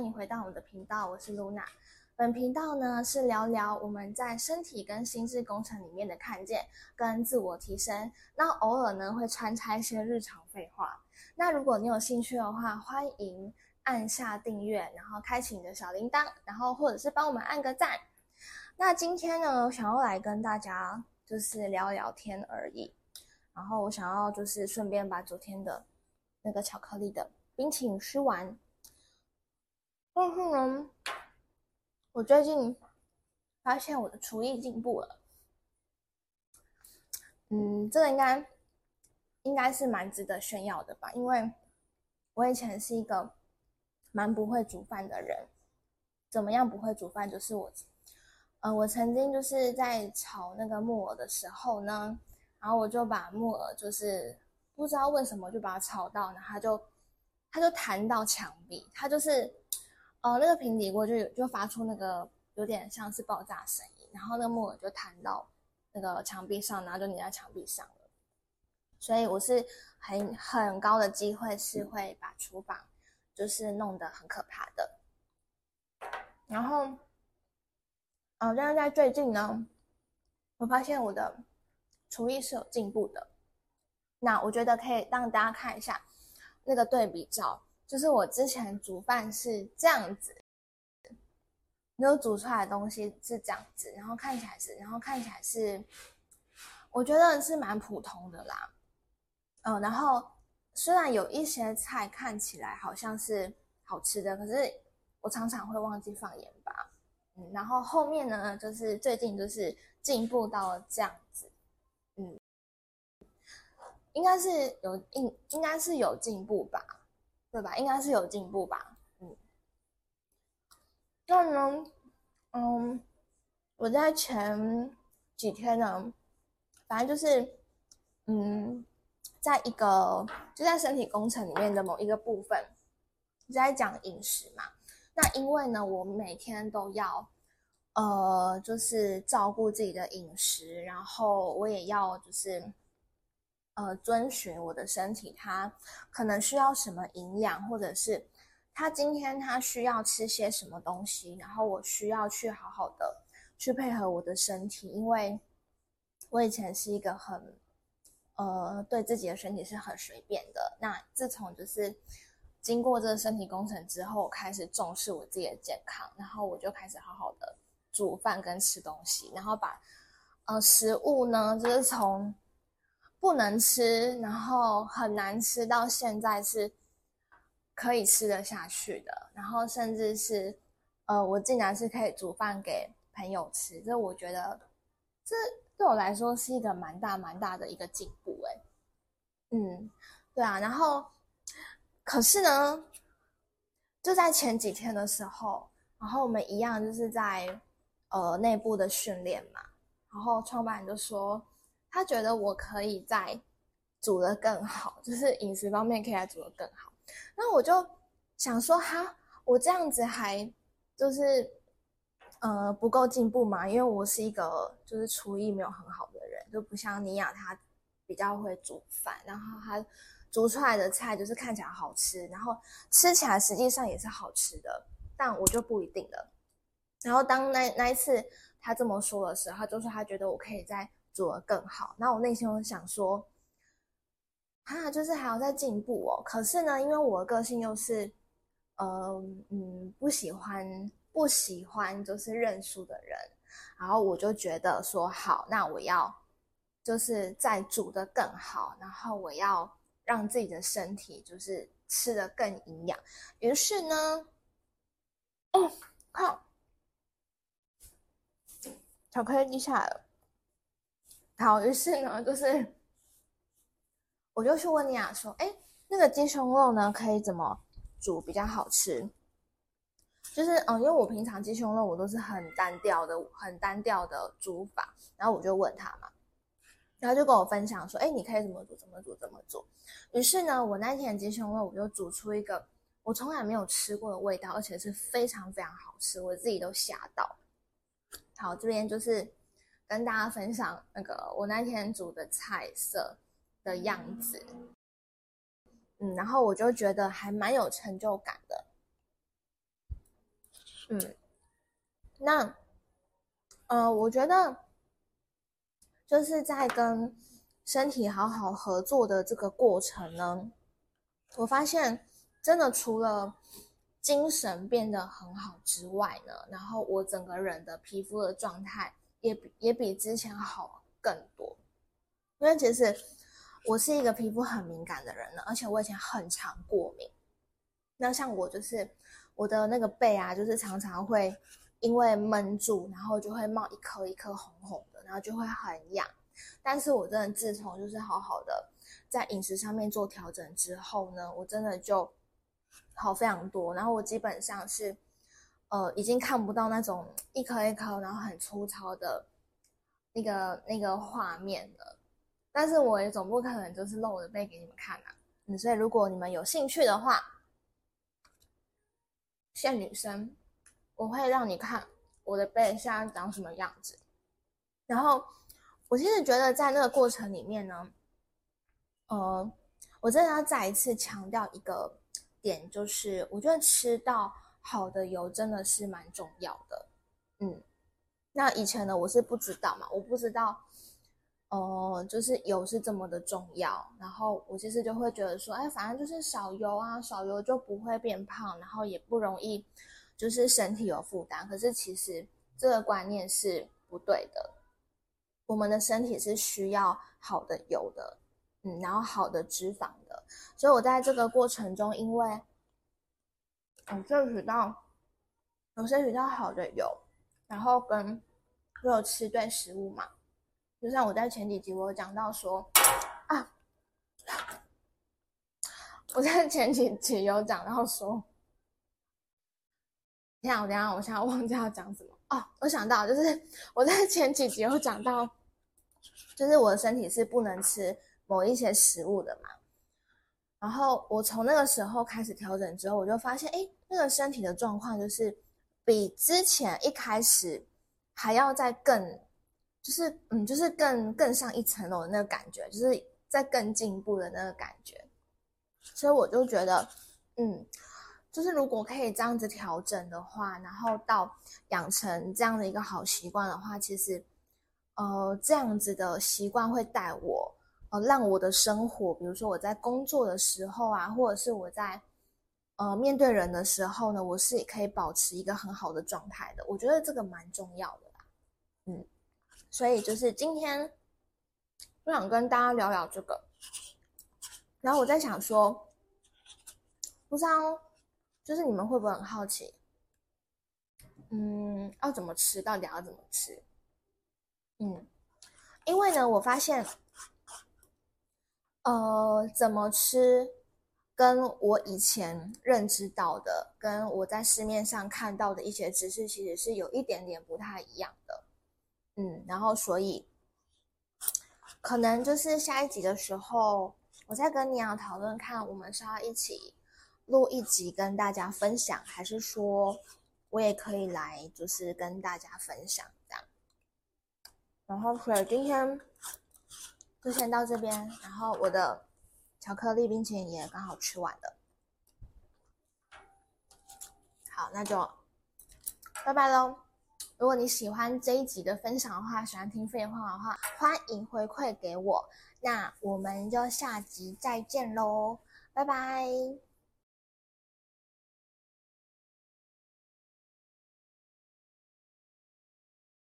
歡迎回到我們的頻道，我是露娜。本頻道呢是聊聊我們在身體跟心智工程裡面的看見跟自我提升。那偶爾呢會穿插一些日常廢話。那如果你有興趣的話，歡迎按下訂閱，然後開啟你的小鈴鐺，然後或者是幫我們按個讚。那今天呢我想要來跟大家就是聊聊天而已。然後我想要就是順便把昨天的那個巧克力的冰淇淋吃完。但是呢，我最近發現我的廚藝進步了。嗯，這個應該應該是蠻值得炫耀的吧？因為，我以前是一個蠻不會煮飯的人。怎麼樣不會煮飯？就是我，呃，我曾經就是在炒那個木耳的時候呢，然後我就把木耳就是不知道為什麼就把它炒到，然後它就它就彈到牆壁，它就是。哦，那個平底鍋就就發出那個有點像是爆炸聲音，然後那個木耳就彈到那個牆壁上，然後就粘在牆壁上了。所以我是很很高的機會是會把廚房就是弄得很可怕的。然後，嗯，但是在最近呢，我發現我的廚藝是有進步的。那我覺得可以讓大家看一下那個對比照。就是我之前煮飯是這樣子，沒有煮出來的東西是這樣子，然後看起來是，然後看起來是，我覺得是蠻普通的啦。嗯、呃，然後雖然有一些菜看起來好像是好吃的，可是我常常會忘記放鹽吧。嗯，然後後面呢，就是最近就是進步到這樣子，嗯，應該是有應，應該是有進步吧。對吧？應該是有進步吧。嗯，那呢，嗯，我在前幾天呢，反正就是，嗯，在一個就在身體工程裡面的某一個部分，在講飲食嘛。那因為呢，我每天都要，呃，就是照顧自己的飲食，然後我也要就是。呃，遵循我的身體，他可能需要什麼營養，或者是他今天他需要吃些什麼東西，然後我需要去好好的去配合我的身體，因為我以前是一個很呃對自己的身體是很隨便的。那自從就是經過這個身體工程之後，我開始重視我自己的健康，然後我就開始好好的煮飯跟吃東西，然後把呃食物呢，就是從。不能吃，然後很難吃，到現在是，可以吃得下去的，然後甚至是，呃，我竟然是可以煮飯給朋友吃，這我覺得，這對我來說是一個蠻大蠻大的一個進步，誒。嗯，對啊，然後，可是呢，就在前幾天的時候，然後我們一樣就是在，呃，內部的訓練嘛，然後創辦人就說。他覺得我可以再煮得更好，就是飲食方面可以再煮得更好。那我就想說，哈，我這樣子還就是呃不夠進步嘛？因為我是一個就是廚藝沒有很好的人，就不像尼婭他比較會煮飯，然後他煮出來的菜就是看起來好吃，然後吃起來實際上也是好吃的，但我就不一定了。然後當那那一次他這麼說的時候，他就是他覺得我可以再煮得更好，那我內心我想說，好、啊，就是還要再進步哦。可是呢，因為我的個性又是，嗯、呃、嗯，不喜歡不喜歡就是認輸的人，然後我就覺得說好，那我要就是再煮得更好，然後我要讓自己的身體就是吃得更營養。於是呢，靠、哦、巧克力下來了。好，於是呢，就是我就去問尼亞，說：“哎、欸，那個雞胸肉呢，可以怎麼煮比較好吃？”就是嗯，因為我平常雞胸肉我都是很單調的、很單調的煮法，然後我就問他嘛，然後就跟我分享說：“哎、欸，你可以怎麼煮、怎麼煮、怎麼煮。”於是呢，我那天雞胸肉我就煮出一個我從來沒有吃過的味道，而且是非常非常好吃，我自己都嚇到。好，這邊就是。跟大家分享那個我那天煮的菜色的樣子，嗯，然後我就覺得還蠻有成就感的，嗯，那，呃，我覺得就是在跟身體好好合作的這個過程呢，我發現真的除了精神變得很好之外呢，然後我整個人的皮膚的狀態。也比也比之前好更多，因為其實我是一個皮膚很敏感的人呢，而且我以前很常過敏。那像我就是我的那個背啊，就是常常會因為悶住，然後就會冒一顆一顆紅紅的，然後就會很癢。但是我真的自從就是好好的在飲食上面做調整之後呢，我真的就好非常多。然後我基本上是。呃，已經看不到那種一顆一顆，然後很粗糙的那個那個畫面了。但是我也總不可能就是露我的背給你們看啊，所以如果你們有興趣的話，像女生，我會讓你看我的背現在長什麼樣子。然後我其實覺得在那個過程裡面呢，呃，我真的要再一次強調一個點，就是我覺得吃到。好的油真的是蠻重要的，嗯，那以前呢，我是不知道嘛，我不知道，哦、呃，就是油是這麼的重要，然後我其實就會覺得說，哎，反正就是少油啊，少油就不會變胖，然後也不容易，就是身體有負擔。可是其實這個觀念是不對的，我們的身體是需要好的油的，嗯，然後好的脂肪的，所以我在這個過程中，因為。我就知道有些比較好的油，然後跟就有吃對食物嘛，就像我在前幾集我有講到說啊，我在前幾集有講到說，等下我等下我想要忘記要講什麼哦，我想到就是我在前幾集有講到，就是我的身體是不能吃某一些食物的嘛，然後我從那個時候開始調整之後，我就發現哎。誒那個身體的狀況就是比之前一開始還要再更，就是嗯，就是更更上一層樓的那個感覺，就是在更進步的那個感覺。所以我就覺得，嗯，就是如果可以這樣子調整的話，然後到養成這樣的一個好習慣的話，其實呃，這樣子的習慣會帶我呃，讓我的生活，比如說我在工作的時候啊，或者是我在。呃，面對人的時候呢，我是也可以保持一個很好的狀態的。我覺得這個蠻重要的啦，嗯。所以就是今天，我想跟大家聊聊這個。然後我在想說，不知道就是你們會不會很好奇？嗯，要怎麼吃？到底要怎麼吃？嗯，因為呢，我發現，呃，怎麼吃？跟我以前認知到的，跟我在市面上看到的一些知識，其實是有一點點不太一樣的。嗯，然後所以，可能就是下一集的時候，我再跟尼婭討論看，我們是要一起錄一集跟大家分享，還是說我也可以來，就是跟大家分享這樣。然後，所以今天就先到這邊。然後我的。巧克力冰淇淋也剛好吃完了，好，那就拜拜嘍！如果你喜歡這一集的分享的話，喜歡聽廢話的話，歡迎回饋給我。那我們就下集再見嘍，拜拜！